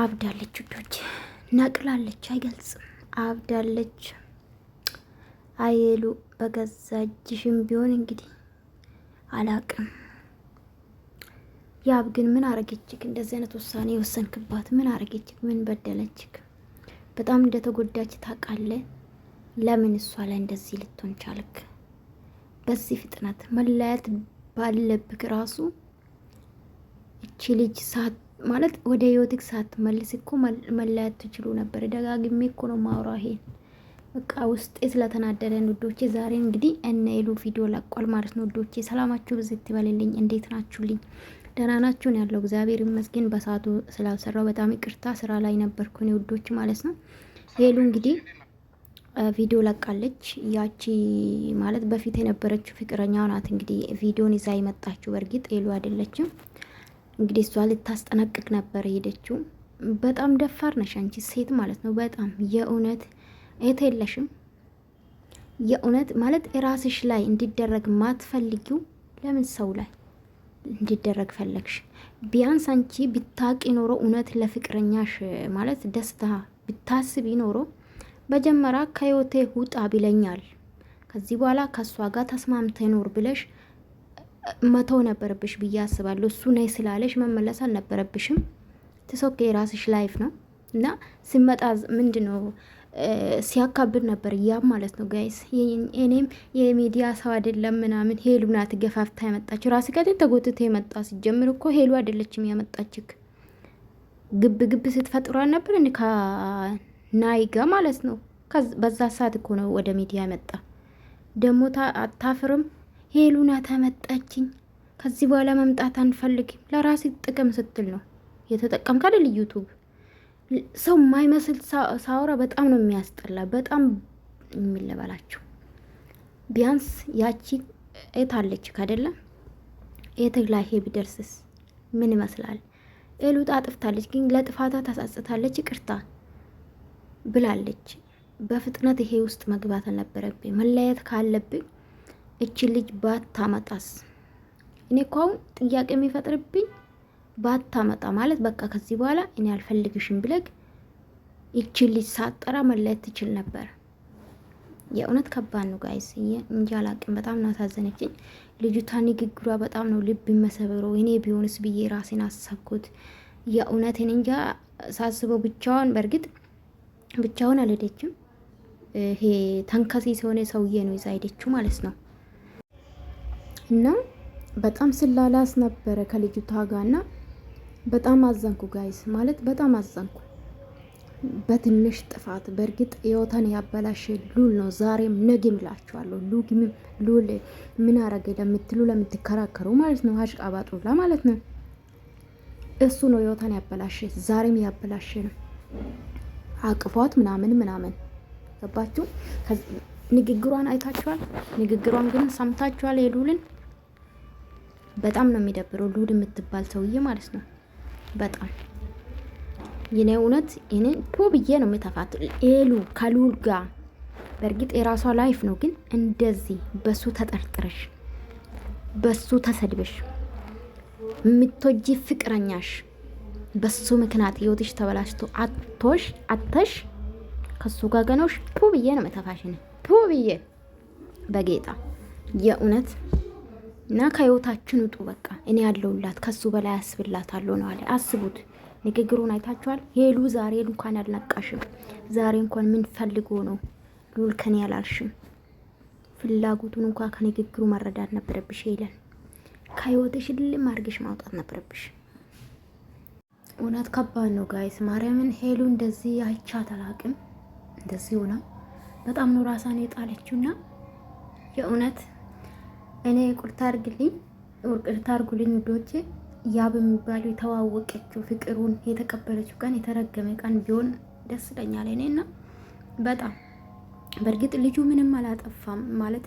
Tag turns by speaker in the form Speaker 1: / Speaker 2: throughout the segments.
Speaker 1: አብዳለች ውዶች፣ ነቅላለች። አይገልጽም፣ አብዳለች። አይሉ በገዛ እጅሽም ቢሆን እንግዲህ አላቅም። ያብ ግን ምን አረገችክ? እንደዚህ አይነት ውሳኔ የወሰንክባት ምን አረገችክ? ምን በደለችክ? በጣም እንደተጎዳች ታውቃለ። ለምን እሷ ላይ እንደዚህ ልትሆን ቻልክ? በዚህ ፍጥነት መለያየት ባለብክ ራሱ እቺ ልጅ ሳት ማለት ወደ ህይወትክ ሳትመልስ እኮ መለያት ትችሉ ነበር። ደጋግሜ እኮ ነው ማውራው። ይሄን በቃ ውስጤ ስለተናደደን ውዶቼ፣ ዛሬ እንግዲህ እነ ሄሉ ቪዲዮ ለቋል ማለት ነው ውዶቼ። ሰላማችሁ ብዝት ይበልልኝ። እንዴት ናችሁልኝ? ደህና ናችሁን? ያለው እግዚአብሔር ይመስገን። በሰዓቱ ስላልሰራው በጣም ይቅርታ፣ ስራ ላይ ነበርኩኝ ውዶች ማለት ነው። ሄሉ እንግዲህ ቪዲዮ ለቃለች። ያቺ ማለት በፊት የነበረችው ፍቅረኛው ናት እንግዲህ ቪዲዮን ይዛ የመጣችው። በእርግጥ ሄሉ አይደለችም። እንግዲህ እሷ ልታስጠነቅቅ ነበር ሄደችው። በጣም ደፋር ነሽ አንቺ ሴት ማለት ነው። በጣም የእውነት እህት የለሽም የእውነት ማለት ራስሽ ላይ እንዲደረግ ማትፈልጊው ለምን ሰው ላይ እንዲደረግ ፈለግሽ? ቢያንስ አንቺ ብታቂ ኖሮ እውነት ለፍቅረኛሽ ማለት ደስታ ብታስቢ ኖሮ መጀመሪያ ከህይወቴ ውጣ ቢለኛል ከዚህ በኋላ ከእሷ ጋር ተስማምተ ኖር ብለሽ መተው ነበረብሽ ብዬ አስባለሁ። እሱ ነይ ስላለሽ መመለስ አልነበረብሽም። ትሶኬ የራስሽ ላይፍ ነው እና ሲመጣ ምንድን ነው ሲያካብድ ነበር ያ ማለት ነው። ጋይስ እኔም የሚዲያ ሰው አይደለም ምናምን ሄሉ ናት ገፋፍታ ያመጣች ራስ ጋር ተጎትቶ የመጣ ሲጀምር እኮ ሄሉ አይደለችም ያመጣችክ። ግብ ግብ ስትፈጥሯ ነበር እ ከናይጋ ጋ ማለት ነው። በዛ ሰዓት እኮ ነው ወደ ሚዲያ መጣ። ደግሞ አታፍርም ሄሉና ተመጣችኝ ከዚህ በኋላ መምጣት አንፈልግም ለራስ ጥቅም ስትል ነው የተጠቀም ካልል ዩቱብ ሰው የማይመስል ሳውራ በጣም ነው የሚያስጠላ። በጣም የሚለበላቸው ቢያንስ ያቺ የት አለች አይደለም የት ላይ ሄ ቢደርስስ ምን ይመስላል? ኤሉጣ አጥፍታለች፣ ግን ለጥፋታ ታሳጽታለች፣ ይቅርታ ብላለች። በፍጥነት ይሄ ውስጥ መግባት አልነበረብኝ። መለያየት ካለብኝ እች ልጅ ባታመጣስ? እኔ እኮ አሁን ጥያቄ የሚፈጥርብኝ ባታመጣ ማለት በቃ ከዚህ በኋላ እኔ አልፈልግሽም ብለግ እች ልጅ ሳጠራ መለየት ትችል ነበር። የእውነት ከባድ ነው ጋይስ፣ እንጂ አላቅም። በጣም ነው ታዘነችኝ ልጅቷ። ንግግሯ በጣም ነው ልብ መሰበረው። እኔ ቢሆንስ ብዬ ራሴን አሰብኩት። የእውነትን እንጃ ሳስበው ብቻውን በእርግጥ ብቻውን አልሄደችም። ይሄ ተንከሴ ሲሆነ ሰውዬ ነው ይዛ ሄደችው ማለት ነው። እና በጣም ስላላስ ነበረ ከልጅቷ ጋር እና በጣም አዘንኩ ጋይስ ማለት በጣም አዘንኩ። በትንሽ ጥፋት በእርግጥ ህይወታን ያበላሸ ሉል ነው። ዛሬም ነገም እላችኋለሁ ሉል ምን አረገ ለምትሉ ለምትከራከሩ ማለት ነው አሽቃባጮላ ማለት ነው እሱ ነው ህይወታን ያበላሸ ዛሬም ያበላሸ ነው። አቅፏት ምናምን ምናምን ገባችሁ። ንግግሯን አይታችኋል። ንግግሯን ግን ሰምታችኋል የሉልን በጣም ነው የሚደብረው። ሉድ የምትባል ሰውዬ ማለት ነው። በጣም የኔ እውነት ይህንን ፖ ብዬ ነው የምተፋት ኤሉ ከልሁድ ጋር በእርግጥ የራሷ ላይፍ ነው፣ ግን እንደዚህ በሱ ተጠርጥረሽ በሱ ተሰድበሽ የምትወጂ ፍቅረኛሽ በሱ ምክንያት ህይወትሽ ተበላሽቶ አቶሽ አተሽ ከሱ ጋር ገኖሽ ፑ ብዬ ነው መተፋሽን ፑ ብዬ በጌጣ የእውነት እና ከህይወታችን ውጡ። በቃ እኔ ያለውላት ከሱ በላይ አስብላታለሁ ነው አለ። አስቡት፣ ንግግሩን አይታችኋል። ሄሉ ዛሬ እንኳን አልነቃሽም። ዛሬ እንኳን ምን ፈልጎ ነው ሉል ከኔ ያላልሽም። ፍላጎቱን እንኳ ከንግግሩ መረዳት ነበረብሽ ይለን ከህይወትሽ ልም አድርገሽ ማውጣት ነበረብሽ። እውነት ከባድ ነው ጋይስ። ማርያምን ሄሉ እንደዚህ አይቻት አላቅም። እንደዚህ ሆና በጣም ነው ራሳን የጣለችውና የእውነት እኔ ቁርታ አርግልኝ ቁርታ አርጉልኝ ውዶቼ። ያ በሚባሉ የተዋወቀችው ፍቅሩን የተቀበለችው ቀን የተረገመ ቀን ቢሆን ደስ ይለኛል እኔ እና በጣም በእርግጥ ልጁ ምንም አላጠፋም ማለት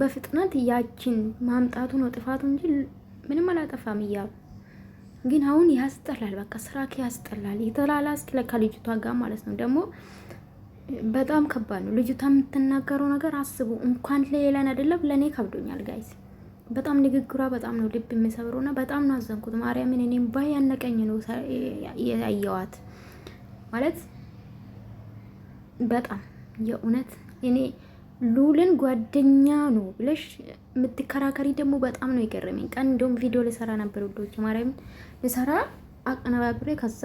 Speaker 1: በፍጥነት ያችን ማምጣቱ ነው ጥፋቱ እንጂ ምንም አላጠፋም። እያሉ ግን አሁን ያስጠላል፣ በቃ ስራክ ያስጠላል። የተላላስክ ለካ ልጅቷ ጋር ማለት ነው ደግሞ በጣም ከባድ ነው። ልጅቷ የምትናገረው ነገር አስቡ። እንኳን ለሌላን አይደለም ለእኔ ከብዶኛል ጋይስ። በጣም ንግግሯ በጣም ነው ልብ የሚሰብረው እና በጣም ነው አዘንኩት። ማርያምን እኔም ባይ ያነቀኝ ነው ያየዋት ማለት በጣም የእውነት እኔ ሉልን ጓደኛ ነው ብለሽ የምትከራከሪ ደግሞ በጣም ነው የገረመኝ። ቀን እንደውም ቪዲዮ ልሰራ ነበር ውዶች፣ ማርያምን ልሰራ አቀነባብሬ ከዛ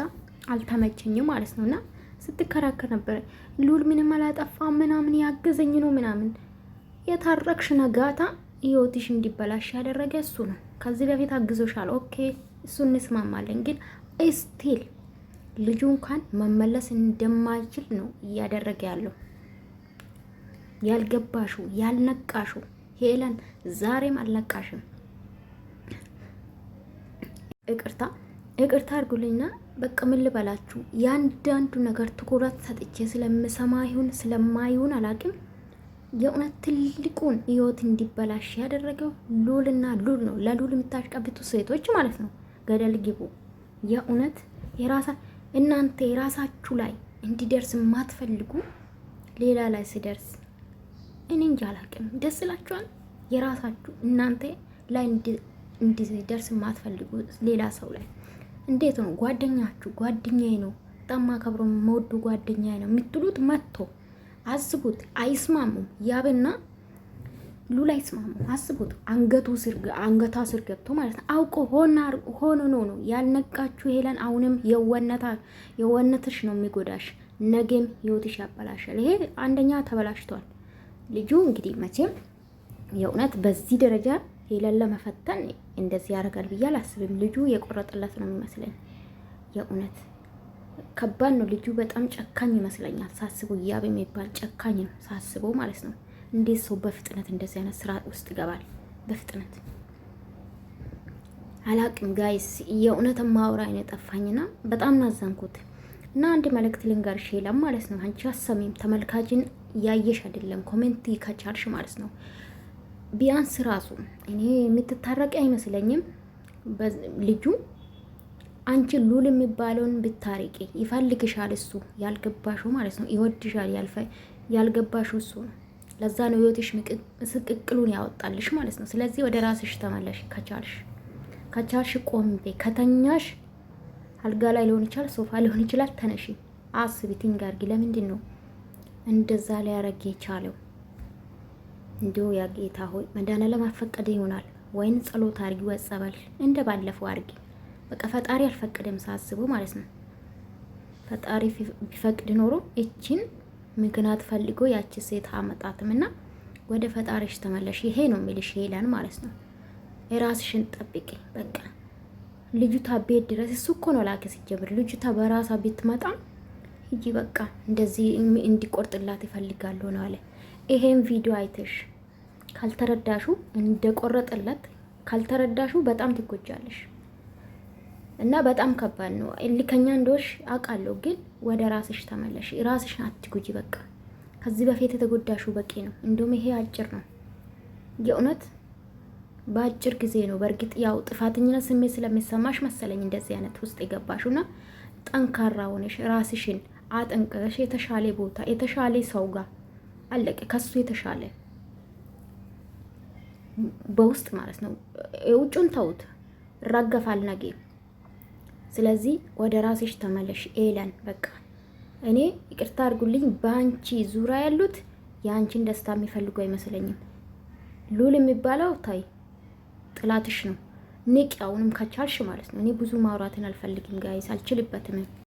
Speaker 1: አልተመቸኝም ማለት ነው እና ስትከራከር ነበር ሉል ምንም አላጠፋ ምናምን ያገዘኝ ነው ምናምን። የታረቅሽ ነጋታ ህይወትሽ እንዲበላሽ ያደረገ እሱ ነው። ከዚህ በፊት አግዞሻል። ኦኬ እሱ እንስማማለን፣ ግን ስቲል ልጁ እንኳን መመለስ እንደማይችል ነው እያደረገ ያለው። ያልገባሹ ያልነቃሹ ሄለን ዛሬም አልነቃሽም። እቅርታ እቅርታ አድርጉልኝና በቃ ምን ልበላችሁ የአንዳንዱ ነገር ትኩረት ሰጥቼ ስለምሰማ ይሁን ስለማይሁን አላውቅም፣ የእውነት ትልቁን ህይወት እንዲበላሽ ያደረገው ሉልና ሉል ነው። ለሉል የምታሽቀብቱ ሴቶች ማለት ነው፣ ገደል ግቡ። የእውነት የራሳ እናንተ የራሳችሁ ላይ እንዲደርስ የማትፈልጉ ሌላ ላይ ሲደርስ እኔ እንጂ አላውቅም፣ ደስ ይላችኋል። የራሳችሁ እናንተ ላይ እንዲደርስ የማትፈልጉ ሌላ ሰው ላይ እንዴት ነው ጓደኛችሁ ጓደኛዬ ነው ጣማ ከብሮ መወዱ ጓደኛዬ ነው የምትሉት መጥቶ አስቡት። አይስማሙም። ያብና ሉላ አይስማሙም። አስቡት። አንገቱ ስር አንገቷ ስር ገብቶ ማለት ነው አውቆ ሆና ሆኖ ነው ነው ያልነቃችሁ። ሄለን አሁንም የወነታ የወነትሽ ነው የሚጎዳሽ፣ ነገም ህይወትሽ ያበላሻል። ይሄ አንደኛ ተበላሽቷል። ልጁ እንግዲህ መቼም የእውነት በዚህ ደረጃ ሄለን ለመፈተን እንደዚህ ያደርጋል ብዬ አላስብም። ልጁ የቆረጠለት ነው የሚመስለኝ። የእውነት ከባድ ነው። ልጁ በጣም ጨካኝ ይመስለኛል ሳስበው። እያብ የሚባል ጨካኝ ነው ሳስበው ማለት ነው። እንዴት ሰው በፍጥነት እንደዚህ አይነት ስራ ውስጥ ይገባል? በፍጥነት አላቅም ጋይስ። የእውነት ማውራ አይነ ጠፋኝና በጣም ናዘንኩት እና አንድ መልእክት ልንገርሽ ይላል ማለት ነው። አንቺ አሰሚም ተመልካችን ያየሽ አይደለም ኮሜንት ከቻልሽ ማለት ነው ቢያንስ ራሱ እኔ የምትታረቂ አይመስለኝም። ልጁ አንቺ ሉል የሚባለውን ብታርቂ ይፈልግሻል። እሱ ያልገባሹ ማለት ነው ይወድሻል። ያልገባሹ እሱ ነው። ለዛ ነው ህይወትሽ ምስቅቅሉን ያወጣልሽ ማለት ነው። ስለዚህ ወደ ራስሽ ተመለሽ ከቻልሽ ከቻልሽ ቆምቤ ከተኛሽ አልጋ ላይ ሊሆን ይችላል፣ ሶፋ ሊሆን ይችላል። ተነሺ፣ አስቢ፣ ትንጋርጊ። ለምንድን ነው እንደዛ ሊያረግ የቻለው? እንዲሁ ያ ጌታ ሆይ መዳና ለማፈቀደ ይሆናል ወይን ጸሎት አርጊ ወጸበል እንደ ባለፈው አርጊ። በቃ ፈጣሪ አልፈቀደም ሳስቡ ማለት ነው። ፈጣሪ ቢፈቅድ ኖሮ እቺን ምክንያት ፈልጎ ያቺ ሴት አመጣትም እና ወደ ፈጣሪሽ ተመለሽ፣ ይሄ ነው የሚልሽ ሄለን ማለት ነው። የራስሽን ጠብቂ። በቃ ልጅቷ ቤት ድረስ እሱ እኮ ነው ላከ ሲጀምር። ልጅቷ በራሷ ብትመጣ ሂጂ በቃ እንደዚህ እንዲቆርጥላት ይፈልጋሉ ነው አለ። ይሄን ቪዲዮ አይተሽ ካልተረዳሹ እንደቆረጠለት ካልተረዳሹ በጣም ትጎጃለሽ እና በጣም ከባድ ነው። ልከኛ እንደሆንሽ አውቃለሁ፣ ግን ወደ ራስሽ ተመለሽ። ራስሽ አትጉጂ። በቃ ከዚህ በፊት የተጎዳሹ በቂ ነው። እንዲሁም ይሄ አጭር ነው። የእውነት በአጭር ጊዜ ነው። በእርግጥ ያው ጥፋተኝነት ስሜት ስለሚሰማሽ መሰለኝ እንደዚህ አይነት ውስጥ የገባሹና ጠንካራ ሆነሽ ራስሽን አጠንቅቀሽ የተሻለ ቦታ የተሻለ ሰው ጋር አለቀ ከሱ የተሻለ በውስጥ ማለት ነው። የውጩን ተውት፣ እራገፋል ነገ። ስለዚህ ወደ ራስሽ ተመለሽ ኤለን። በቃ እኔ ይቅርታ አድርጉልኝ፣ በአንቺ ዙሪያ ያሉት የአንቺን ደስታ የሚፈልጉ አይመስለኝም። ሉል የሚባለው ታይ ጥላትሽ ነው። ንቅ አሁንም ከቻልሽ ማለት ነው። እኔ ብዙ ማውራትን አልፈልግም ጋይስ፣ አልችልበትም።